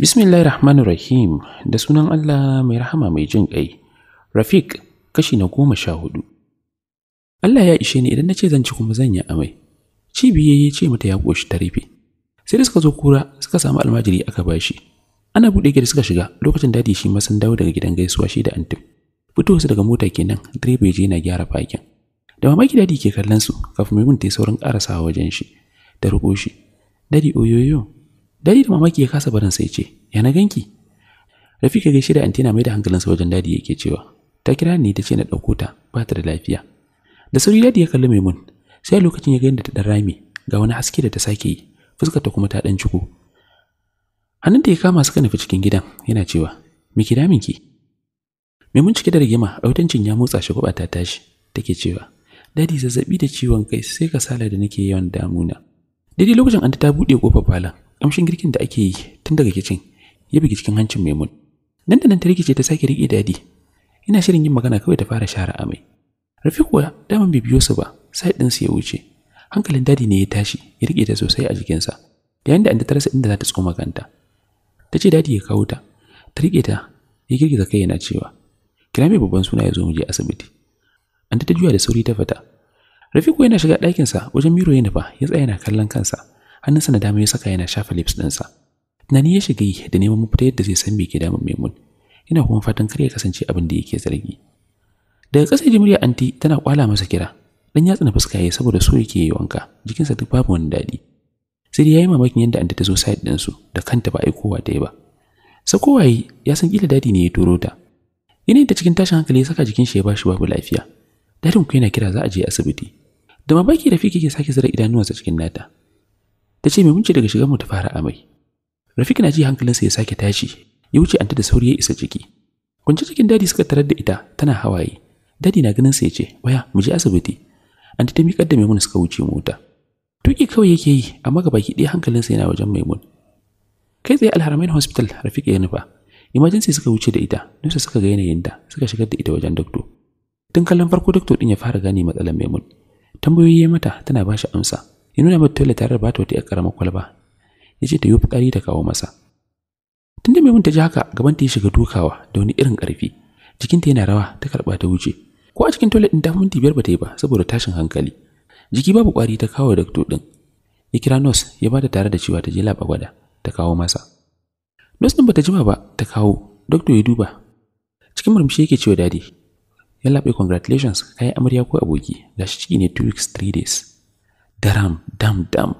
Bismillahir Rahmanir Rahim da sunan Allah mai rahama mai jin ƙai. Rafiq kashi na goma sha hudu. Allah ya ishe ni idan na ce zan ci kuma zan yi amai. Cibiyar ya ce mata ya ƙoshi ta rufe. Sai da suka zo kura suka samu almajiri aka bashi. Ana buɗe gida suka shiga lokacin dadi shi ma sun dawo daga gidan gaisuwa shi da antim. su daga mota kenan direba je na gyara fakin da mamaki dadi ke kallon su kafin maimun ta yi saurin karasa wajen shi da ruko shi dadi oyoyo dadi da mamaki ya kasa barin sai ce ya na ganki rafika gaishe da antina mai da hankalinsa wajen dadi yake cewa ta kira ni ta ce na ɗauko ta ba ta da lafiya da sauri dadi ya kalli maimun sai lokacin ya ga yadda ta dan rami ga wani haske da ta sake yi fuskar ta kuma ta dan ciko hannun da ya kama suka nufi cikin gidan yana cewa miki daminki mai mun cike da rigima rautancin ya motsa shi gaba ta tashi take cewa dadi zazzabi da ciwon kai sai kasala da nake yawan damuna daidai lokacin an ta buɗe kofar falon kamshin girkin da ake yi tun daga kicin ya bugi cikin hancin maimun nan da nan ta rikice ta sake rike dadi ina shirin yin magana kawai ta fara share amai rafi kuwa daman bai biyo su ba sai su ya wuce hankalin dadi ne ya tashi ya riƙe ta sosai a jikinsa sa. da anta ta rasa inda za ta tsoma kanta ta ce dadi ya kawo ta ta riƙe ta ya girgiza kai yana cewa kira mai babban suna ya zo mu je asibiti an ta juya da sauri ta fita rafiku yana shiga sa wajen miro ya nufa ya tsaya yana kallon kansa hannunsa na dama ya saka yana shafa lips ɗinsa tunani ya shiga yi da neman mafita yadda zai san me ke damun maimun yana kuma fatan kar ya kasance abin da yake zargi daga ƙasa ji murya anti tana kwala masa kira dan yatsa na fuska yayi saboda so yake yi wanka jikinsa duk babu wani daɗi sai yayi mamakin yadda anti ta zo side ɗinsu da kanta ba aikowa ta yi ba yi ya san kila dadi ne ya turo ta Yanayin ta cikin tashin hankali ya saka jikin shi ya bashi babu lafiya. Dadin ku yana kira za a je asibiti. Da mabaki Rafiki ke sake zira idanuwansa cikin nata. Ta ce mai munci daga shigar mu ta fara amai. Rafiki na ji hankalinsa ya sake tashi, ya wuce anta da sauri ya isa ciki. Kunci cikin dadi suka tarar da ita tana hawaye. Dadi na ganin sa ya ce, "Waya, mu je asibiti." Anta ta miƙar da Maimuna suka wuce mota. Tuki kawai yake yi, amma gabaki ɗaya hankalinsa yana wajen Maimun. Kai tsaye Alharamain Hospital Rafiki ya nufa. emergency suka wuce da ita nusa suka ga yanayinta suka shigar da ita wajen dakto. tun kallon farko dokto din ya fara gane matsalar maimun tambayoyi ya mata tana ba shi amsa ya nuna mata toilet tare da bata wata yar karamar kwalba ya ce ta yi fitsari ta kawo masa tunda maimun ta ji haka gaban ta ya shiga dukawa da wani irin karfi jikinta yana rawa ta karba ta wuce ko a cikin toilet din ta minti biyar ta yi ba saboda tashin hankali jiki babu kwari ta kawo dokto din ya kira nurse ya bata tare da cewa ta je laba gwada ta kawo masa Nos ɗin bata jima ba ta kawo, doctor ya duba. Cikin murmushi yake cewa dadi. Ya laɓe congratulations kayan amarya ko aboki, gashi ciki ne 2 weeks 3 days. Daram, dam, dam.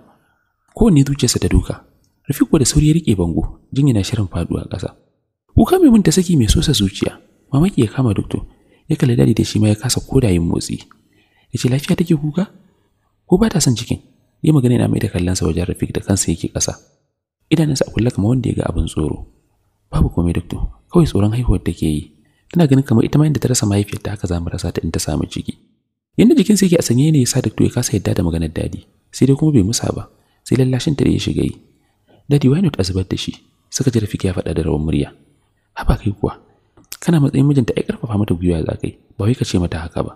Kowanne zuciyarsa ta duka. Rafiq da sauri ya rike bango, jin yana shirin faduwa ƙasa. Kuka mai ta saki mai sosa zuciya, mamaki ya kama doctor. Ya kalli dadi da shi ma ya kasa koda yin motsi. Ya ce lafiya take kuka? Ko ba ta son cikin? Ya magana yana mai da kallonsa wajen Rafiq da kansa yake ƙasa. idanunsa a kulle kamar wanda ya ga abin tsoro babu komai doctor kawai tsoron haihuwar take yi tana ganin kamar ita ma inda ta rasa mahaifiyarta haka za rasa ta in ta samu ciki yanda jikin sa yake a sanye ne yasa doctor ya kasa yadda da maganar dadi sai dai kuma bai musa ba sai lallashin ta da ya shiga yi dadi why not azubar da shi suka ji rafiki ya faɗa da rawan murya haba kai kuwa kana matsayin mijinta ai karfafa mata gwiwa za kai ba wai ka ce mata haka ba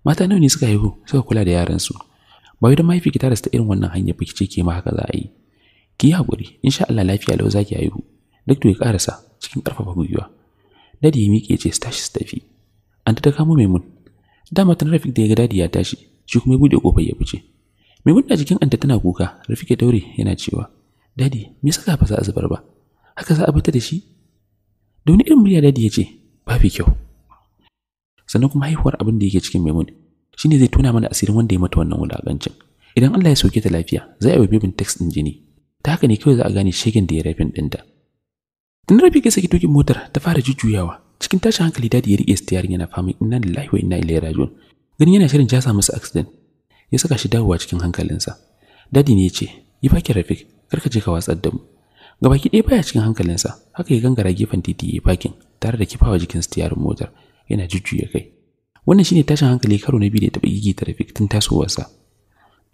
mata nawa ne suka haihu suka kula da yaransu ba wai don mahaifi ki rasa irin wannan hanya ke ma haka za a yi ki hakuri. haƙuri insha Allah lafiya lau zaki haihu to ya karasa cikin ƙarfafa gwiwa dadi ya miƙe ce tashi su tafi an ta kamo maimun dama tana rafik da ya ga dadi ya tashi shi kuma ya buɗe ƙofar ya fice mun na jikin anta tana kuka rafik ya daure yana cewa dadi me saka ba za a zubar ba haka za a bata da shi da wani irin murya dadi ya ce ba fi kyau sannan kuma haihuwar abin da yake cikin maimun shine zai tuna mana asirin wanda ya mata wannan wulakancin idan Allah ya sauke ta lafiya za a yi bibin text din jini ta haka ne kawai za a gane shegen da ya rafin ɗinta. Tun rafi ya saki dokin motar ta fara jujjuyawa cikin tashin hankali dadi ya riƙe stiyarin yana fama inna lillahi wa inna ilaihi raji'un. Ganin yana shirin jasa masa accident ya saka shi dawowa cikin hankalinsa. Dadi ne ya ce yi fakin Rafik karka je ka watsar da mu. Gabaki ɗaya baya cikin hankalinsa haka ya gangara gefen titi ya fakin tare da kifawa jikin stiyarin motar yana jujjuya kai. Wannan shine tashin hankali karo na biyu da ya taɓa gigita Rafik tun tasowarsa.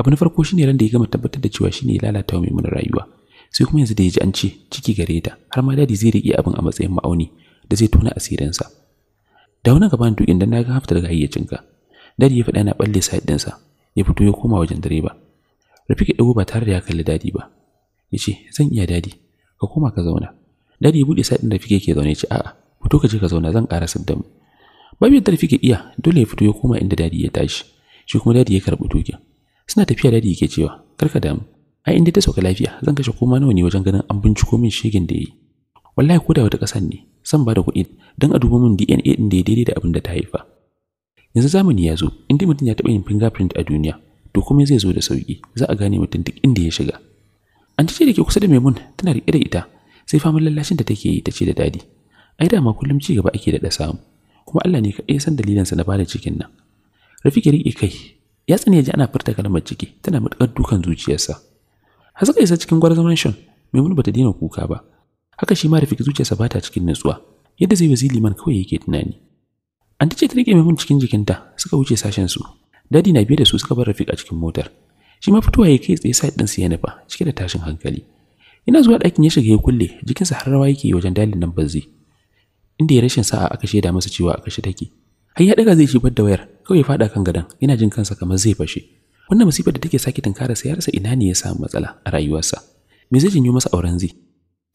abu na farko shine ran da ya gama tabbatar da cewa shine ya lalata wa Maimuna rayuwa sai kuma yanzu da ya ji an ce ciki gare ta har ma dadi zai riƙe abin a matsayin ma'auni da zai tona asirinsa da wani gaban inda na ga hafta daga hayyacinka dadi ya faɗa na balle din ɗinsa ya fito ya koma wajen direba Rafiki dago ba tare da ya kalli dadi ba yace zan iya dadi ka koma ka zauna dadi ya bude side ɗin Rafiki yake zaune ce a'a fito ka je ka zauna zan ƙara saddamu. mu babu yadda Rafiki iya dole ya fito ya koma inda dadi ya tashi shi kuma dadi ya karɓi tukin suna tafiya dadi yake cewa karka damu ai inda ta sauka lafiya zan kashe koma nawa ne wajen ganin an binciko min shegin da yi wallahi ko da wata kasan ne san ba da kuɗi don a duba min DNA din da ya daidai da abin da ta haifa yanzu zamani ya zo inda mutum ya taɓa yin fingerprint a duniya to kuma zai zo da sauki za a gane mutum duk inda ya shiga an ce da ke kusa da Maimun tana riƙe da ita sai faman lallashin da take yi ta ce da dadi ai dama kullum ci gaba ake da samu kuma Allah ne kaɗai san dalilansa na bada cikin nan Rafiki riƙe kai ya tsani ya ji ana furta kalmar ciki tana matuƙar dukan zuciyarsa har suka isa cikin gwarzaman shan maimunu bata daina kuka ba haka shi ma rafiki zuciyarsa bata cikin nutsuwa yadda zai wazi liman kawai yake tunani an ce ta rike maimun cikin jikinta suka wuce sashen su dadi na biye da su suka bar rafik a cikin motar shi ma fitowa ya kai tsaye side ɗinsa ya nufa cike da tashin hankali ina zuwa ɗakin ya shiga ya kulle jikinsa har rawa yake wajen dalilin nan bazzi inda ya rashin sa'a aka shaida masa cewa aka shi take har ya daga zai shigar da wayar kawai ya faɗa kan gadon yana jin kansa kamar zai fashe wannan masifar da take sake tunkara sai ya ina ne ya samu matsala a rayuwarsa me zai janyo masa auren zai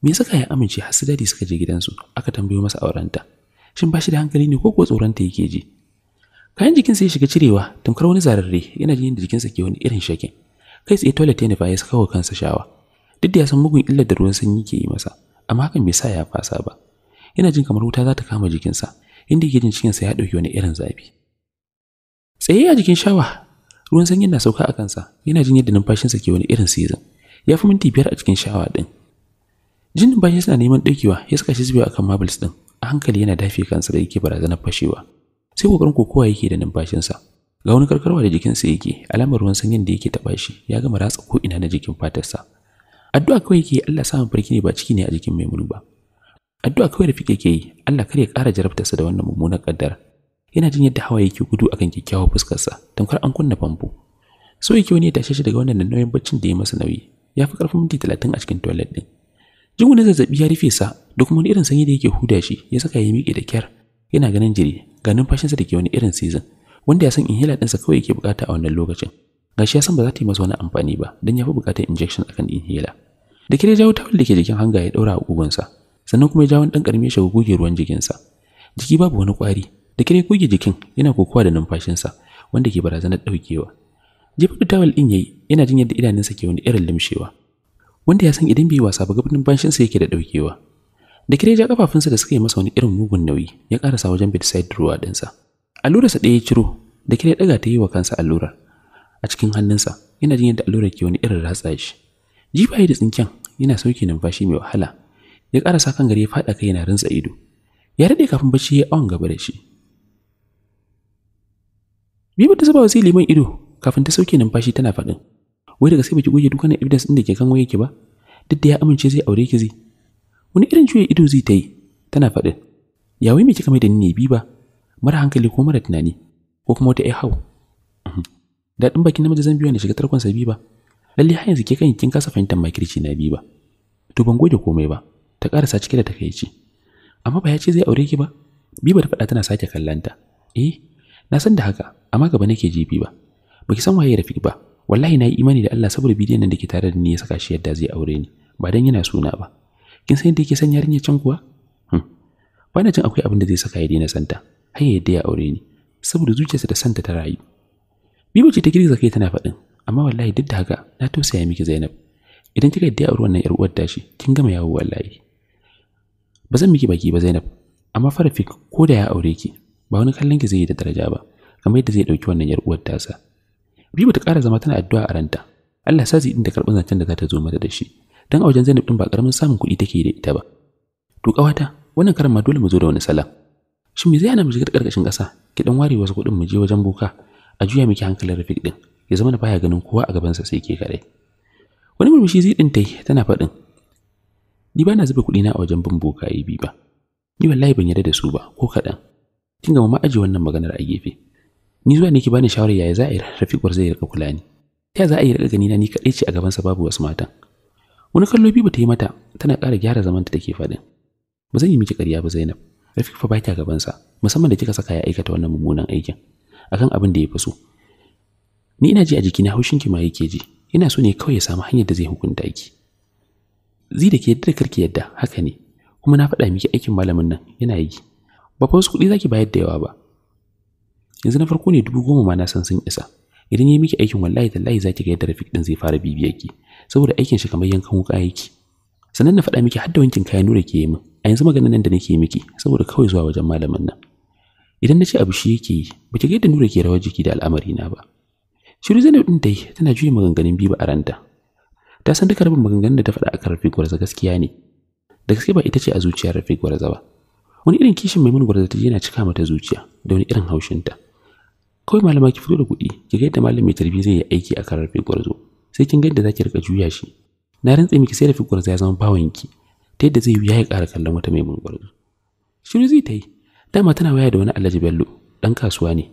me saka ya amince har su dadi suka je gidansu aka tambayo masa aurenta shin ba shi da hankali ne ko tsoron tsoronta yake ji kayan jikinsa ya shiga cirewa tunkar wani zararre yana jin da jikinsa ke wani irin shakin kai tsaye toilet ya nufa ya saka wa kansa shawa duk da ya san mugun illar da ruwan sanyi ke yi masa amma hakan bai sa ya fasa ba yana jin kamar wuta za ta kama jikinsa inda yake jin cikinsa ya ɗauki wani irin zafi tsaye a jikin shawa ruwan sanyi na sauka a kansa yana jin yadda numfashinsa ke wani irin season ya fi minti biyar a cikin shawa ɗin. jin numfashinsa na neman ɗaukewa ya saka shi zubewa akan marbles din a hankali yana dafe kansa da yake barazanar fashewa sai kokarin kokowa yake da numfashinsa ga wani karkarwa da jikinsa yake alamar ruwan sanyin da yake taɓa shi ya gama ratsa ko ina na jikin fatarsa addu'a kawai yake Allah samun farki ne ba ciki ne a jikin maimunu ba addu'a kawai da fike ke yi Allah kar ya ƙara jarabtarsa da wannan mummunar kaddara yana jin yadda hawaye ke gudu akan kyakkyawar fuskarsa tamkar an kunna famfo so yake wani ya tashe shi daga wannan nauyin baccin da ya masa nauyi ya fi karfin minti talatin a cikin toilet din jin wani zazzabi ya rufe sa da kuma wani irin sanyi da yake huda shi ya saka ya miƙe da kyar yana ganin jiri ga fashinsa da ke wani irin season wanda ya san inhaler ɗinsa kawai yake bukata a wannan lokacin gashi ya san ba za ta yi masa wani amfani ba don ya fi bukatar injection akan inhaler da kire jawo tawul da ke jikin hanga ya daura a kugunsa sannan kuma ya jawo dan karme shi goge ruwan jikinsa jiki babu wani kwari da kire kuge jikin yana kokowa da numfashinsa wanda ke barazanar daukewa jefa da tawal din yayi yana jin yadda idanunsa ke wani irin limshewa wanda ya san idan bai wasa ba gaban numfashinsa yake da daukewa da kire ja kafafunsa da suka yi masa wani irin mugun nauyi ya karasa wajen bedside ruwa dinsa allurarsa sa ya ciro da kire daga ta yi wa kansa allura. a cikin hannunsa yana jin yadda allura ke wani irin ratsa shi jifa da tsinken yana sauke numfashi mai wahala ya karasa kan gari ya faɗa kai yana rinsa ido ya daɗe kafin bacci ya awon gaba da shi Bibi ta zuba wa liman ido kafin ta sauke numfashi tana faɗin. Wai daga sai baki goge dukkanin evidence ɗin da ke kan waye ki ba? Duk da ya amince zai aure ki zai. Wani irin juya ido zai ta yi tana faɗin. Ya wai me kika mai da ni ne biba? Mara hankali ko mara tunani ko kuma wata ai hau. Mhm. Daɗin baki namiji zan biya na shiga tarkon sa biba. Lalle har yanzu ke kan kin kasa fahimtar makirci na biba. To ban goge komai ba. Ta karasa cike da takaici. Amma ba ya ce zai aure ki ba? Biba ta faɗa tana sake kallanta. Eh, na san da haka amma gaba nake jibi ba baki san waye Rafiq ba wallahi na yi imani da Allah saboda bidiyon nan da ke tare da ni ya saka shi yadda zai aure ni ba dan yana suna ba kin san yadda yake san yarinya can kuwa hmm. ba na jin akwai abin da zai saka ya daina santa har yadda ya aure ni saboda zuciyarsa da santa ta rayu Bibo ce ta girgiza kai tana faɗin amma wallahi duk da haka na tausaya miki Zainab idan kika yadda a ruwan nan yar uwar tashi kin gama yawo wallahi ba zan miki baki ba Zainab amma Farafik ko da ya aure ki ba wani kallon ki zai yi da daraja ba kamar yadda zai dauki wannan yar uwar tasa Bibi ta kara zama tana addu'a a ranta Allah sa zai da karɓar zancen da za ta zo mata da shi dan a wajen Zainab din ba karamin samun kuɗi take da ita ba to kawata wannan karan ma dole mu zo da wani sala shin me zai ana mu shiga karkashin ƙasa ki dan ware wasu kuɗin mu je wajen boka a juya miki hankalin Rafiq din ya zama na baya ganin kowa a gabansa sai ke kare wani murmushi zai din tai tana faɗin ni ba na zuba kuɗi na a wajen bin boka yi bi ba ni wallahi ban yarda da su ba ko kaɗan kin ga mu aje wannan maganar a gefe ni zuwa ne ki bani shawara yaya za a yi rafiqar zai rika kula ni ta za a yi rika gani na ni kadai ce a gaban sa babu wasu matan wani kallo biyu ta yi mata tana ƙara gyara zaman ta take faɗin ba zan yi miki ƙarya ba Zainab Rafiq fa baki a gaban sa musamman da kika saka ya aikata wannan mummunan aikin akan abin da ya fi so ni ina ji a jikina haushin ki ma yake ji ina so ne kawai ya samu hanyar da zai hukunta ki zi da ke yadda karki yadda haka ne kuma na faɗa miki aikin malamin nan yana yi ba fa wasu kuɗi zaki bayar da yawa ba yanzu na farko ne dubu goma ma na san sun isa idan ya miki aikin wallahi tallahi zaki ga yadda Rafiq din zai fara bibiya ki saboda aikin shi kamar yankan wuka yake sannan na faɗa miki har da wankin kayan nura ke yi min a yanzu maganar nan da nake miki saboda kawai zuwa wajen malamin nan idan na ce abu shi yake yi ba ki ga yadda nura ke rawar jiki da al'amari na ba shiru zainab din dai tana juya maganganun biyu a ranta ta san duka rabin maganganun da ta faɗa akan rafiq gwarza gaskiya ne da gaske ba ita ce a zuciyar rafiq gwarza ba wani irin kishin mai mini da ta yana cika mata zuciya da wani irin haushinta kawai malama ki fito da kuɗi ki ga yadda malam mai tarbi zai yi aiki a kan rafi gwarzo sai kin ga yadda ki rika juya shi na rantse miki sai da gwarzo ya zama bawan ki ta yadda zai yi ya ƙara kallon wata mai mini gwarzo shiru zai ta yi dama tana waya da wani alhaji bello Dan kasuwa ne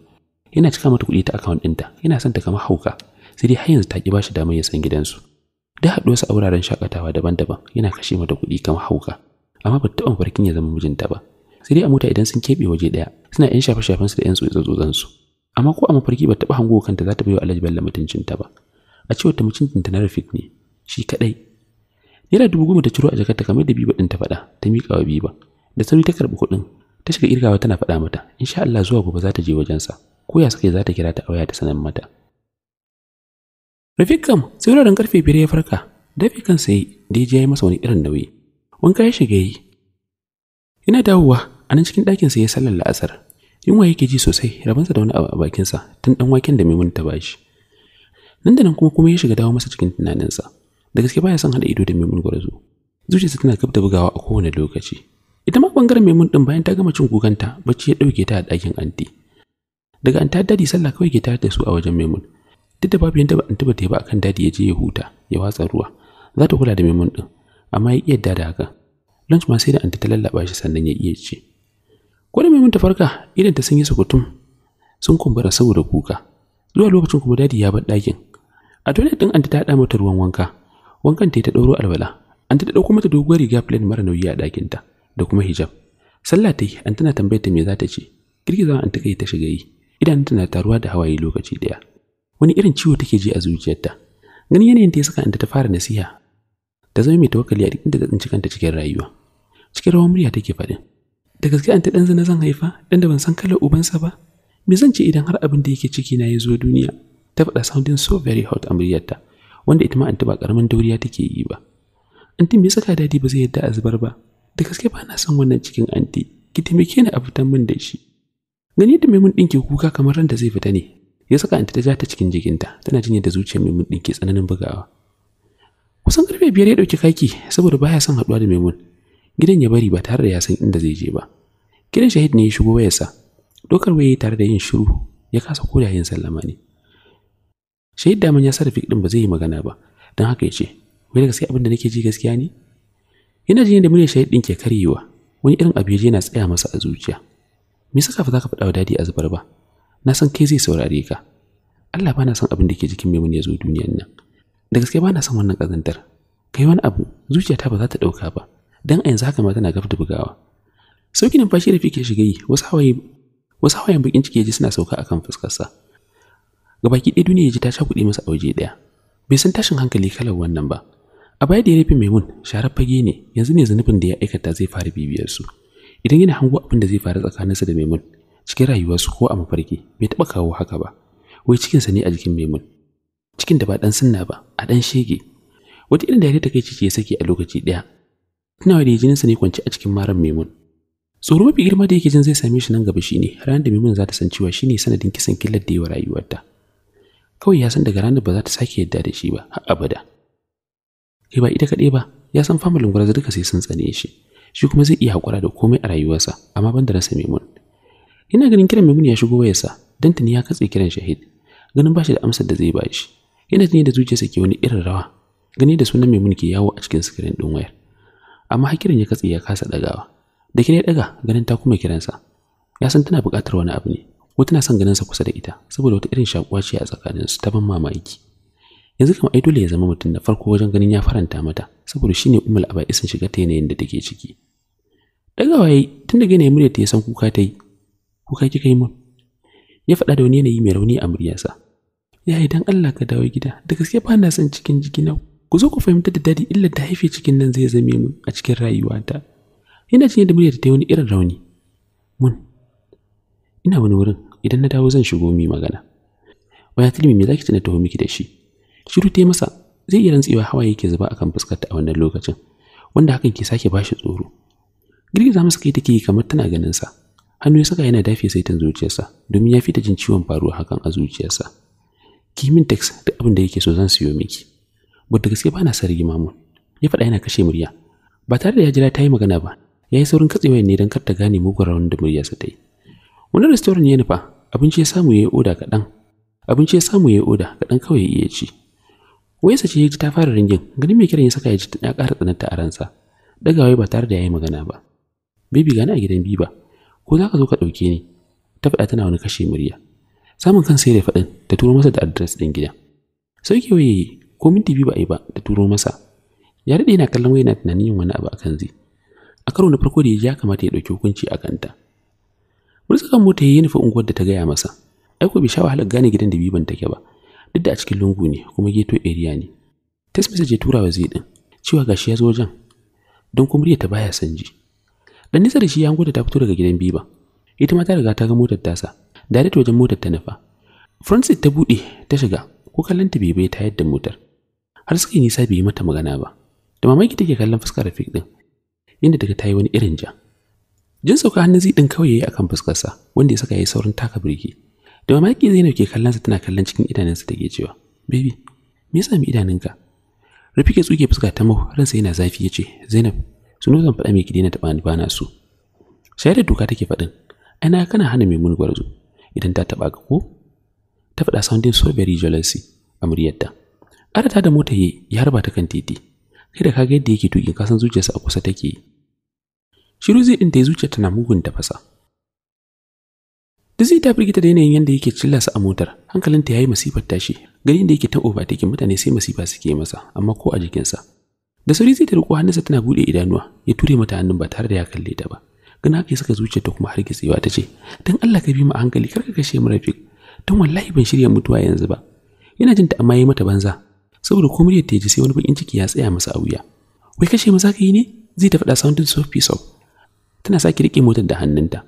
yana cika mata kuɗi ta akawun ɗinta yana son ta kama hauka sai dai har yanzu ta ƙi ba shi damar ya san gidansu da haɗuwarsa a wuraren shakatawa daban-daban yana kashe mata kuɗi kama hauka amma ba ta taɓa farkin ya zama mijinta ba sai dai a mota idan sun keɓe waje ɗaya suna yan shafe shafen su da yan su amma ko a mafarki ba taɓa hango kanta za ta bayo Alhaji Bello mutuncin ba a cewar ta mutuncin ta na Rafik ne shi kaɗai. Naira dubu goma ta ciro a jakarta kamar da Biba din ta faɗa ta miƙa wa Biba da sauri ta karɓi kuɗin ta shiga irgawa tana faɗa mata insha Allah zuwa gobe za ta je sa ko ya suka za ta kira ta auya ta sanar mata Rafik kam sai wuraren karfe biyar ya farka dafi kan sai da ya yi masa wani irin nauyi wanka ya shiga yi Yana dawowa a nan cikin ɗakinsa ya sallar la'asar. Yunwa yake ji sosai rabansa da wani abu a bakinsa tun ɗan waken da memun ta bashi. Nan da nan kuma kuma ya shiga dawo masa cikin tunaninsa. Da gaske baya son haɗa ido da memun gwarzo. Zuciyarsa tana gab da bugawa a kowane lokaci. Ita ma bangaren Maimun din bayan ta gama cin kukanta bacci ya dauke ta a ɗakin anti. Daga anta ta dadi sallah kawai ke tare da su a wajen memun. Duk da babu yadda ba an yi ba akan dadi ya je ya huta ya watsa ruwa. Za ta kula da memun ɗin amma ya ƙi yadda da hakan. lunch ma sai da anti ta lallaɓa shi sannan ya iya ci ko da maimun ta farka idan ta sun yi sukutum sun kumbura saboda kuka zuwa lokacin kuma dadi ya bar ɗakin a toilet ɗin anti ta haɗa mata ruwan wanka wankan ta ta ɗauro alwala anti ta dauko mata doguwar riga plain mara nauyi a ta da kuma hijab sallah ta yi an tana tambayar ta me za ta ce girgizawa an ta kai ta shiga yi idanunta na taruwa da hawaye lokaci daya wani irin ciwo take ji a zuciyarta ganin yanayin ta saka anta ta fara nasiha ta zama mai tawakkali a duk inda ta tsinci kanta cikin rayuwa cikin rawar murya take faɗin da gaske an ta ɗan zina zan haifa ɗan da ban san kalar ubansa ba me zan ce idan har abin da yake ciki na ya zo duniya ta faɗa sounding so very hot a muryarta wanda ita ma an ba ƙaramin dauriya take yi ba anti me saka dadi ba zai yadda a zubar ba da gaske ba na son wannan cikin anti ki taimake ni a fitan min da shi gani da memun ɗin ke kuka kamar ran da zai fita ne ya saka anti ta ja ta cikin jikinta tana jin yadda zuciyar maimun ɗin ke tsananin bugawa kusan karfe biyar ya ɗauki kaki saboda baya son haɗuwa da maimun gidan ya bari ba tare da ya san inda zai je ba gidan shahid ne ya shigo wayarsa dokar waye tare da yin shiru ya kasa koda yin sallama ne shahid man ya sa Rafiq din ba zai yi magana ba dan haka ya ce wai da gaskiya abin da nake ji gaskiya ne yana jin da muryar shahid din ke karyewa wani irin abu yana tsaya masa a zuciya me saka fa zaka fada wa dadi a zubar ba na san kai zai saurare ka Allah ba na son abin da ke jikin mai ya zo duniyan nan. Da gaske ba na son wannan kazantar. Kai wani abu zuciyata ba za ta dauka ba. dan a yanzu haka ma tana gab bugawa sauki numfashi da fike shiga yi wasu hawaye hawayen bakin ciki yaji suna sauka akan fuskarsa gabaki ɗaya duniya ji ta kuɗi masa auje waje ɗaya bai san tashin hankali kalar wannan ba a baya da ya rufe maimun sharar fage ne yanzu ne zunubin da ya aikata zai fara bibiyar su idan yana hango abin da zai faru tsakaninsa da maimun cikin rayuwarsu ko a mafarki bai taɓa kawo haka ba wai cikinsa ne a jikin maimun cikin da ba ɗan sunna ba a ɗan shege wata irin da ya ta kai ciki ya sake a lokaci ɗaya tunawa da jininsa ne kwance a cikin maran Maimun. Tsoro mafi girma da yake jin zai same shi nan gaba shine ranar da Maimun za ta san cewa shine sanadin kisan killar da yawa rayuwarta. Kawai ya san daga ranar ba za ta sake yadda da shi ba har abada. Kai ba ita kaɗai ba, ya san famalin gwaraz duka sai sun tsane shi. Shi kuma zai iya haƙura da komai a rayuwarsa, amma ban da rasa Maimun. Ina ganin kiran Maimun ya shigo wayarsa, dan tuni ya katse kiran Shahid. Ganin ba shi da amsar da zai ba shi. Yana tuni da zuciyarsa ke wani irin rawa. Gani da sunan Maimun ke yawo a cikin sikirin ɗin wayar. amma hakirin ya katse ya kasa dagawa da kire daga ganin ta kuma kiransa ya san tana buƙatar wani abu ne ko tana son ganin sa kusa da ita saboda wata irin shakuwa ce a tsakaninsu ta ban mamaki yanzu kamar ai dole ya zama mutum na farko wajen ganin ya faranta mata saboda shine ummul abai isin shiga ta yanayin da take ciki dagawa yayi tun da gane muryar ta ya san kuka ta yi kuka kika yi mun ya faɗa da wani yanayi mai rauni a muryarsa yayi dan Allah ka dawo gida da gaske ba na son cikin jikina ku zo ku fahimtar da dadi illar da haife cikin nan zai zame mu a cikin rayuwata yana cinye da muryar ta wani irin rauni mun ina wani wurin idan na dawo zan shigo mi magana waya tilmi me zaki tana taho miki da shi shiru ta masa zai iya rantsewa hawa yake zuba akan fuskarta a wannan lokacin wanda hakan ke sake bashi tsoro girgiza masa kai take kamar tana ganin sa hannu ya saka yana dafe saitin zuciyarsa domin ya fita jin ciwon faruwa hakan a zuciyarsa kimin tax da abin da yake so zan siyo miki But gaske ba na sarari mamu. Ya faɗa yana kashe murya. Ba tare da ya jira ta yi magana ba, ya yi saurin katsewa ne don kar ta gane mugun rawan da muryarsa ta yi. Wani restoran ya nufa, abinci ya samu ya yi oda kaɗan. Abinci ya samu ya yi oda kaɗan kawai ya iya ci. Wayarsa ce ya ji ta fara ringin, ganin mai kiran ya saka ya ji ya ƙara tsananta a ransa. wai ba tare da ya yi magana ba. Bibi gani a gidan ba. ko za ka zo ka ɗauke ni? Ta faɗa tana wani kashe murya. Samun kan ya da faɗin ta turo masa da adres ɗin gida sauke waye ko minti biyu ba a yi ba ta turo masa ya daɗe yana kallon yana tunanin yin wani abu a kan zai a karo na farko da ya kamata ya ɗauki hukunci a kanta murtsakan mota ya yi nufin unguwar da ta gaya masa aiko bai sha wahalar gane gidan da biban take ba duk da a cikin lungu ne kuma geto area ne test message ya tura wa zai ɗin cewa gashi ya zo wajen don kuma, riya ta baya san ji dan nisa da shi ya hango da ta fito daga gidan biba ita ma ta riga ta ga motar tasa direct wajen motar ta nufa front seat ta buɗe ta shiga ko kallon ta bai bai ta yadda motar har suka yi nisa bai yi mata magana ba da mamaki take kallon fuskar rafiq din inda daga ta yi wani irin ja jin sauka hannun zai din kawai yayi akan fuskarsa wanda ya saka yayi saurin taka birki da mamaki Zainab ke kallon sa tana kallon cikin idanunsa take cewa baby me yasa mi idanunka Rafiq ya tsuke fuska ta mau ransa yana zafi yace Zainab suno zan faɗa miki daina taɓa ni bana su sai da doka take faɗin ana kana hana mai mun gwarzo idan ta taɓa ka ko ta faɗa sounding so very jealousy a muryarta Arata da mota yi ya harba ta kan titi. Kai da kaga yadda yake tukin kasan zuciyarsa a kusa take yi. Shiru zai ɗin ta yi zuciyarta tana mugun ta fasa. zai ta firgita da yanayin yadda yake cilla a motar, hankalinta ya yi masifar tashi, ganin da yake ta take mutane sai masifa suke masa, amma ko a jikinsa. Da sauri zai ta riko hannunsa tana buɗe idanuwa, ya ture mata hannun ba tare da ya kalle ta ba. Gana haka ya saka zuciyarta kuma har gitsewa ta ce, "Dan Allah ka bi mu hankali, kar ka kashe mu rafi, don wallahi ban shirya mutuwa yanzu ba." Yana jin ta amma yayi mata banza, saboda ko muryar ta ji sai wani bakin ciki ya tsaya masa a wuya wai kashe mu zaka yi ne zai ta faɗa soundin sofi sof tana sake rike motar da hannunta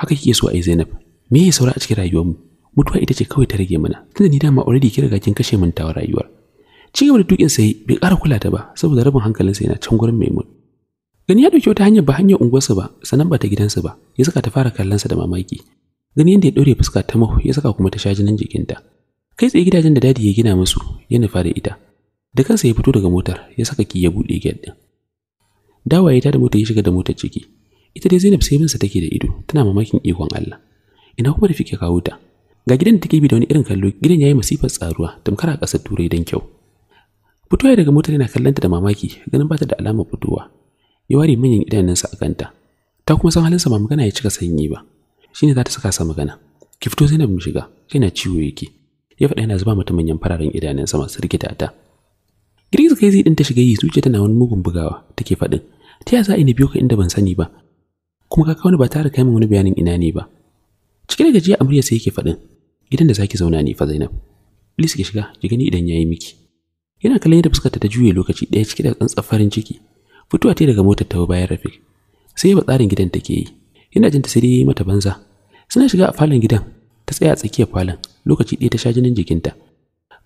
haka kike so a ai Zainab me ya saura a cikin mu. mutuwa ita ce kawai ta rage mana tunda ni dama already kin riga kin kashe mun tawa rayuwar ci gaba da dukin sai bai ƙara kula ta ba saboda rabin hankalinsa yana can gurin Maimun gani ya ɗauki wata hanyar ba hanyar unguwarsa ba sanan ba ta gidansa ba ya saka ta fara kallonsa da mamaki gani yadda ya ɗaure fuska ta mahu ya saka kuma ta sha jinin jikinta kai tsaye gidajen da dadi ya gina musu ya nufa da ita da kansa ya fito daga motar ya saka ki ya buɗe gate din dawa ya tada mota ya shiga da motar ciki ita dai Zainab sai binsa take da ido tana mamakin ikon Allah ina kuma da fike kawo ta ga gidan da take bi da wani irin kallo gidan yayi masifar tsaruwa tamkar a ƙasar turai dan kyau fitowa daga motar yana kallanta da mamaki ganin bata da alama fitowa ya ware manyan idanunsa a kanta ta kuma san halinsa ba magana ya cika sanyi ba shine za ta saka sa magana ki fito Zainab mu shiga kaina ciwo yake ya faɗa yana zuba mata manyan fararen idanun sama su rikita ta girgiza kai zai ta shiga yi zuciya tana wani mugun bugawa take faɗin ta ya za a ina biyo ka inda ban sani ba kuma ka kawo ba tare kai min wani bayanin ina ne ba cike da gajiya amarya sai yake faɗin gidan da zaki zauna ne fa Zainab Bilis ki shiga ki gani idan yayi miki yana kallon yadda fuskarta ta juye lokaci ɗaya cike da tsantsar farin ciki fitowa ta daga motar ta bayan Rafiq sai ba tsarin gidan ke yi yana jin ta sai dai mata banza suna shiga a falon gidan ta tsaya a tsakiyar falon lokaci ɗaya ta sha jinin jikinta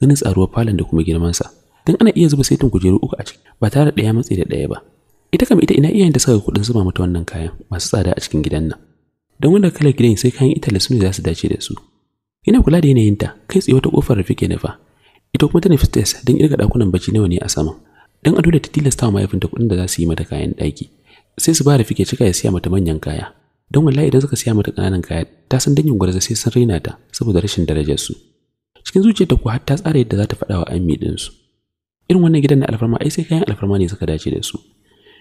ganin tsaruwar falon da kuma girman sa don ana iya zuba saitin kujeru uku a ciki ba tare da ɗaya matsi da ɗaya ba ita kam ita ina iyayen da suka kuɗin zuba mata wannan kayan masu tsada a cikin gidan nan don wanda kalar gidan sai kayan italy su ne za su dace da su ina kula da yanayin ta kai tsaye wata kofar rufe ke nufa ita kuma ta nufi stairs don irga ɗakunan bacci nawa ne a saman don a dole ta tilasta wa mahaifinta kuɗin da za su yi mata kayan ɗaki sai su ba da fike cika ya siya mata manyan kaya don wallahi idan suka siya mata ƙananan kaya ta san dangin gwarza sai sun raina ta saboda rashin su. cikin zuciyarta ko har ta tsara yadda za ta faɗa wa ammi su irin wannan gidan na alfarma ai sai kayan alfarma ne suka dace da su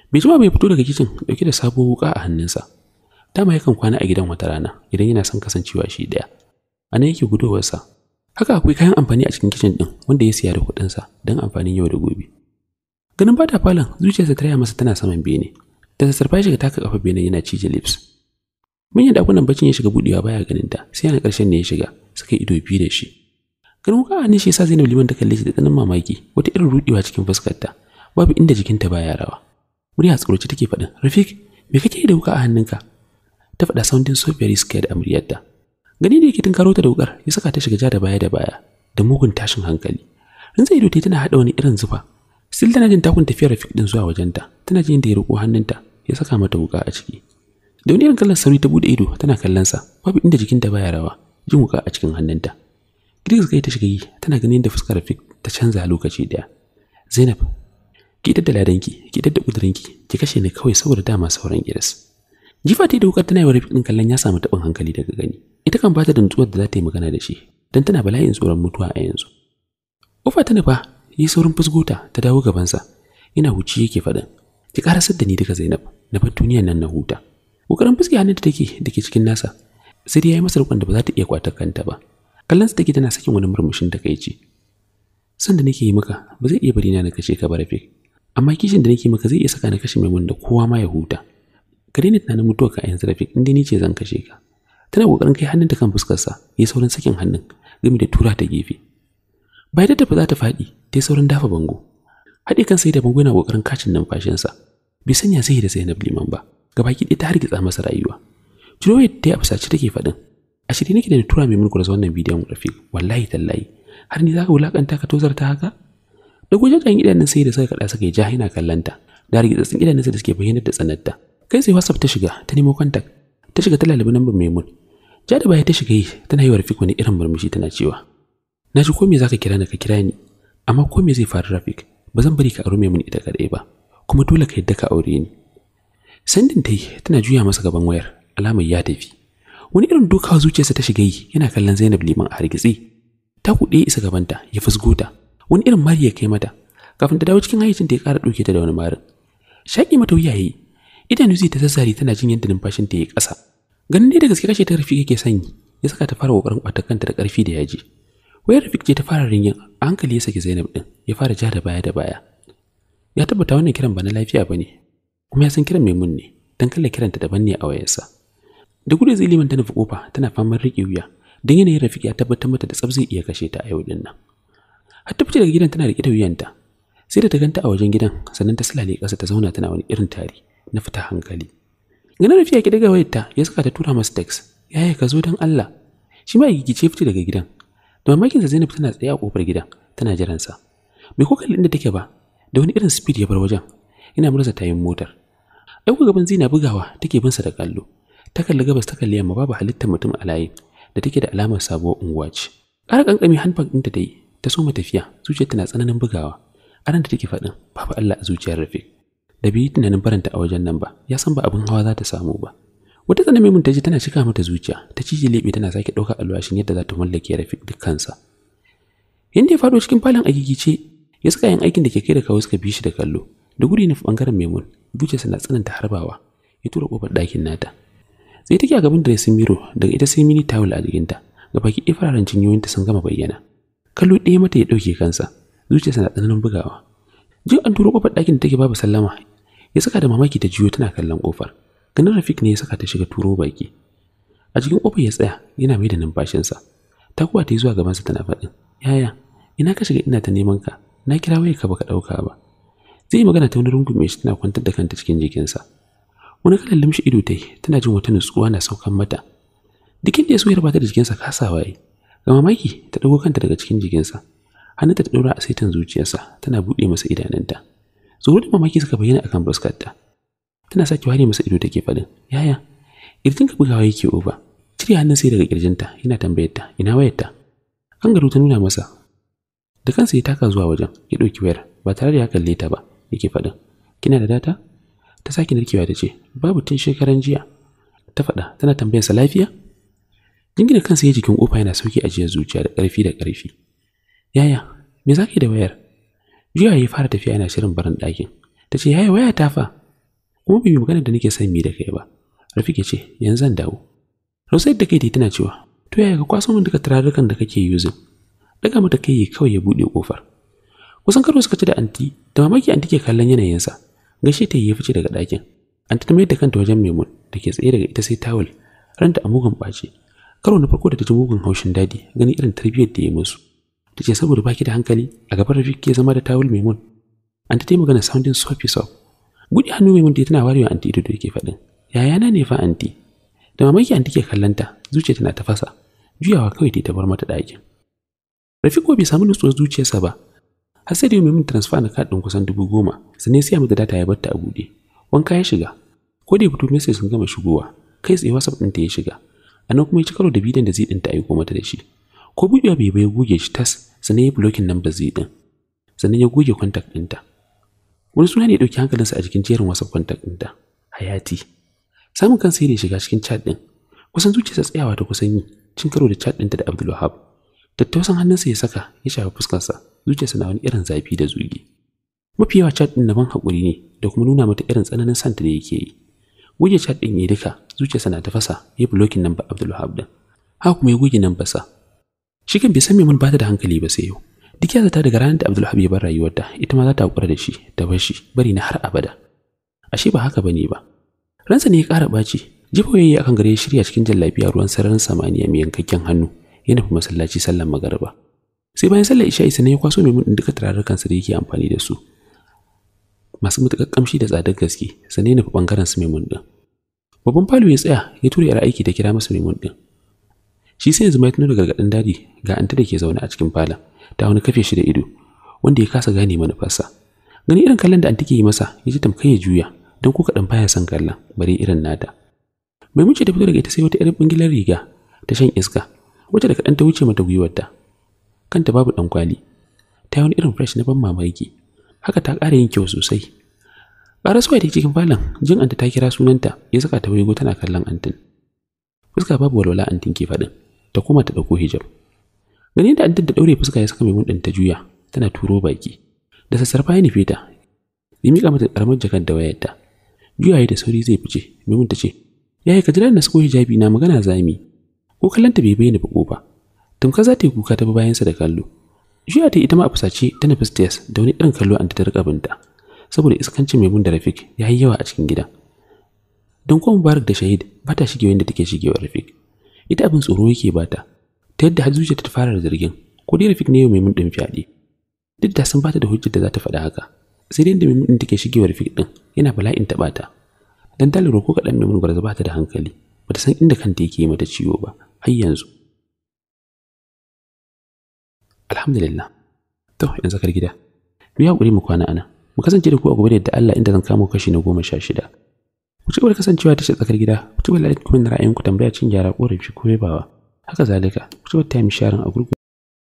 bai jima bai fito daga kicin dauke da sabuwar wuka a hannunsa dama yakan kwana a gidan wata rana idan yana son kasancewa shi daya a nan yake gudowarsa haka akwai kayan amfani a cikin kicin din wanda ya siya da kuɗinsa don amfanin yau da gobe ganin bata falon zuciyarsa ta raya masa tana saman bene da sassarfa shiga taka kafa bene yana cije lips yi dakunan bacin ya shiga budewa baya ganin ta sai yana karshen ne ya shiga suka ido biyu da shi ganin wuka ne shi yasa Zainab Liman ta kalle shi da tsanin mamaki wata irin rudewa cikin ta babu inda jikinta baya rawa murya tsoroci take faɗin Rafik me kake da wuka a hannunka ta faɗa soundin so very scared ta gani da yake tunkaro ta da wukar ya saka ta shiga ja da baya da baya da mugun tashin hankali rinza ido tai tana hada wani irin zufa sil tana jin takun tafiyar Rafik din zuwa wajenta tana jin da ya riko hannunta ya saka mata wuka a ciki da wani irin kallon sauri ta bude ido tana kallon sa babu inda jikin jikinta baya rawa jin wuka a cikin hannunta girgiz kai ta shiga tana ganin da fuskar Rafiq ta canza lokaci daya Zainab ki da ladanki ki da kudurinki ki kashe ni kawai saboda dama sauran gidas jifa ta da wukar tana yawa Rafiq din kallon ya samu tabin hankali daga gani ita kan bata da nutsuwar da za ta yi magana da shi dan tana bala'in tsoron mutuwa a yanzu Ufa ta nufa yi saurin fusgota ta dawo gabansa ina huci yake faɗin ki karasar da ni daga Zainab na fa duniyar nan na huta kokarin fuske hannunta take dake cikin nasa sai dai ya masa rukun da ba za ta iya kwatar kanta ba kallonsa take tana sakin wani murmushin takaici san da nake yi maka ba zai iya bari na na kashe ka ba rafi amma kishin da nake maka zai iya saka na kashe mai da kowa ma ya huta ka daina tunanin mutuwa ka yanzu rafi in dai ni ce zan kashe ka tana kokarin kai hannunta kan fuskarsa ya saurin sakin hannun gami da tura ta gefe bai da tafi za ta faɗi ta saurin dafa bango haɗe kan da bango yana kokarin kacin numfashinsa bai sanya sai da Zainab Liman ba gabaki ɗaya ta hargitsa masa rayuwa ciro yi a fusace take faɗin a shirye nake da na tura mai mulku da wannan bidiyon rafiq wallahi tallahi har ni za ka wulaƙanta ka tozar ta haka da gujejen idanun sai da suka kaɗa suka yi yana kallon ta. da hargitsatsin idanun da suke bayyanar da ta kai sai whatsapp ta shiga ta nemo kwantak. ta shiga ta lalabi mai maimun ja da baya ta shiga yi tana yi wa rafiq wani irin murmushi tana cewa na ji ko me ka kira ni ka kira ni amma ko me zai faru rafiq ba zan bari ka mai mun ita kadai ba kuma dole ka yadda ka aure ni sandin ta yi tana juya masa gaban wayar alamar ya tafi wani irin duka zuciyarsa ta shiga yi yana kallon zainab liman a hargitsi ta kuɗe isa gabanta ya fusgo ta wani irin mari ya kai mata kafin ta dawo cikin hayyacin ta ya ƙara ɗauke ta da wani marin shaƙi mata wuya yi idanu zai ta sassare tana jin yadda numfashin ta ya ƙasa ganin dai da gaske kashe ta rufi yake sanyi ya saka ta fara ƙoƙarin ƙwatar kanta da ƙarfi da yaji wayar Rafik ce ta fara ringin hankali ya saki Zainab ɗin, ya fara ja da baya da baya ya tabbata wannan kiran ba na lafiya bane kuma ya san kiran Maimun ne dan kalla kiranta daban ne a wayarsa da gudu zai liman ta nafi kofa tana faman riƙe wuya don yanayin rafiki ya tabbatar mata da tsab iya kashe ta a yau din nan har ta fice daga gidan tana riƙe da wuyanta sai da ta ganta a wajen gidan sannan ta silale ƙasa ta zauna tana wani irin tari na fita hankali ganin rafi ya ki daga wayarta ya saka ta tura masa text yaya ka zo dan Allah shi ma ya gigice fice daga gidan da mamakinsa Zainab tana tsaye a kofar gidan tana jiransa bai ko kalli inda take ba da wani irin speed ya bar wajen yana murza tayin motar Dauka gaban zina bugawa take bin sa da kallo. Ta kalli gabas ta kalli yamma babu halittar mutum a layin da take da alamar sabuwar unguwa ce. Ƙara ƙanƙami handbag ɗinta ta yi ta soma tafiya zuciyarta na tsananin bugawa. A da take faɗin babu Allah a zuciyar Rafiq. Da biyu tunanin baranta a wajen nan ba ya san ba abin hawa za ta samu ba. Wata tsananin mai ta tana cika mata zuciya ta cije lebe tana sake dauka alwashin yadda za ta mallake Rafiq dukkansa. Yadda ya faɗo cikin falon agigice ya saka yin aikin da ke kai da kawai suka bi shi da kallo da gudu na bangaren maimun zuciyarsa na tsananta harbawa ya tura kofar ɗakin nata sai take a gaban dressing mirror daga ita sai mini towel a jikinta ga baki ifararan ta sun gama bayyana kallo ɗaya mata ya ɗauke kansa Zuciya na tsananin bugawa ji an turo kofar ɗakin da take babu sallama ya saka da mamaki ta jiyo tana kallon kofar ganin rafik ne ya saka ta shiga turo baki a cikin kofar ya tsaya yana mai da numfashinsa ta kuwa ta yi zuwa gabansa tana faɗin yaya ina ka shiga ina ta neman ka na kira waye ka baka ɗauka ba zai magana ta wani rungume shi tana kwantar da kanta cikin jikinsa wani kalan limshi ido ta yi tana jin wata nutsuwa na saukan mata duk inda ya so ya rabata da jikinsa kasa yi ga mamaki ta ɗago kanta daga cikin jikinsa hannunta ta ɗora a saitin zuciyarsa tana buɗe masa idanunta tsoro da mamaki suka bayyana akan fuskarta tana sake ware masa ido take faɗin yaya ka bugawa yake over cire hannun sai daga kirjinta yana tambayar ta ina an garo ta nuna masa da kansa ya taka zuwa wajen ya ɗauki wayar ba tare da ya kalle ta ba yake faɗin kina da data ta sake narkewa ta ce babu tun shekaran jiya ta faɗa tana tambayarsa lafiya jingina kan ya jikin kofa yana sauki ajiyar zuciya da ƙarfi da ƙarfi yaya me zaki da wayar jiya ya fara tafiya yana shirin barin ɗakin ta ce yaya waya ta fa kuma bai magana da nake son mi da kai ba rafi ke ce yanzu zan dawo Rosai da kai tana cewa to yaya ka kwaso min duka turarukan da kake yuzin daga mata kai kawai ya buɗe kofar Kusan karo suka ci da anti, da mamaki anti ke kallon yanayinsa. Gaishe ta yi fice daga ɗakin. Anti ta mayar da kanta wajen Maimun da ke tsaye daga ita sai tawul, ranta a mugun ɓace. Karo na farko da ta ji mugun haushin dadi, gani irin tarbiyyar da ya musu. Ta ce saboda baki da hankali, a gaban rafi ke zama da tawul Maimun. Anti ta yi magana sounding soapy soap. Buɗe hannu Maimun da tana warewa anti ido da yake faɗin. Yayana ne fa anti. Da mamaki anti ke kallon ta zuciya tana tafasa. Juyawa kawai ta bar mata ɗakin. rafiko bai samu nutsuwar zuciyarsa ba, har sai da yi min transfer na kadin kusan dubu goma sannan sai mata data ya batta a buɗe wanka ya shiga ko da ya fito message sun gama shigowa kai tsaye whatsapp ta ya shiga a nan kuma ya ci karo da bidiyon da zai ɗinta aiko mata da shi ko buɗewa bai bai goge shi tas sannan ya blocking number zai ɗin sannan ya goge contact ɗinta wani suna ne ya ɗauki hankalinsa a jikin jerin whatsapp contact ɗinta hayati samun kansa ya shiga cikin chat ɗin kusan zuciyarsa tsayawa ta kusan yi cin karo da chat ɗinta da abdulwahab tattausan hannunsa ya saka ya shafi fuskarsa zuciyarsa na wani irin zafi da zugi mafi yawa chat din naban hakuri ne da kuma nuna mata irin tsananin santa da yake yi guje chat din ya duka zuciyarsa na tafasa ya blocking number Abdulwahab din haka kuma ya goge number sa shi kan bai san me mun bata da hankali ba sai yau duk ya zata daga ranar da Abdulwahab ya bar rayuwarta ita ma za ta hakura da shi da bar shi bari na har abada ashe ba haka bane ba ransa ne ya kara baci jibo yayi akan gare shirya cikin jallabiya ruwan sararin samaniya mai yankakken hannu yana fi masallaci sallan magariba sai bayan sallar isha'i sannan ya kwaso mai duka turarrukansa da yake amfani da su masu matuƙar kamshi da tsadar gaske sannan ya fi ɓangaren su mai ɗin babban falo ya tsaya ya tura yara aiki da kira masa mai ɗin shi sai yanzu mai ya da gargaɗin daji ga anta da ke zaune a cikin falon ta wani kafe shi da ido wanda ya kasa gane mana manufarsa gani irin kallon da anti ke yi masa ya ji tamkar ya juya don ko kaɗan baya son kallon bari irin nata mai maimunci da fito daga ita sai wata irin bangilar riga ta shan iska wacce da kaɗan ta wuce mata gwiwarta kanta babu ɗan kwali ta yi wani irin fresh na ban mamaki haka ta ƙara yin kyau sosai ƙara suwa ta cikin falon jin anta ta kira sunanta ya saka ta waigo tana kallon antin fuska babu walwala antin ke faɗin ta koma ta ɗauko hijab Gani da antin da daure fuska ya saka mai ɗin ta juya tana turo baki da sassarfa ya nufe ta ya miƙa mata ƙaramar jakar da wayarta juyaye da sauri zai fice maimun ta ce yayi ka jira na sako hijabi na magana zami ko kallanta bai bayyana bako ba tumka za ta yi kuka ta bi bayansa da kallo juya ta ita ma a fusace ta na stairs da wani irin kallo an ta rika binta saboda iskancin maimun da rafik ya yi yawa a cikin gidan don kuma mubarak da shahid ba ta shigewa inda take shigewa rafik ita abin tsoro yake ba ta ta yadda har zuciyarta ta fara zargin ko dai rafik ne yau mun din fyaɗe duk da sun bata da hujjar da za ta faɗa haka sai dai da maimun din take shigewa rafik din yana bala'in taɓa ta dan ta lura ko kaɗan mun gwarza ba ta da hankali bata san inda kanta yake mata ciwo ba har yanzu alhamdulillah to yanzu kar gida mu ya hakuri mu kwana ana mu kasance da ku a gobe da yadda Allah inda zan kamo kashi na goma sha shida ku ci gaba da kasancewa ta tsakar gida ku ci gaba da kuma ra'ayinku tambaya cin gyara korafi ko yabawa haka zalika ku ci gaba da time a gurgu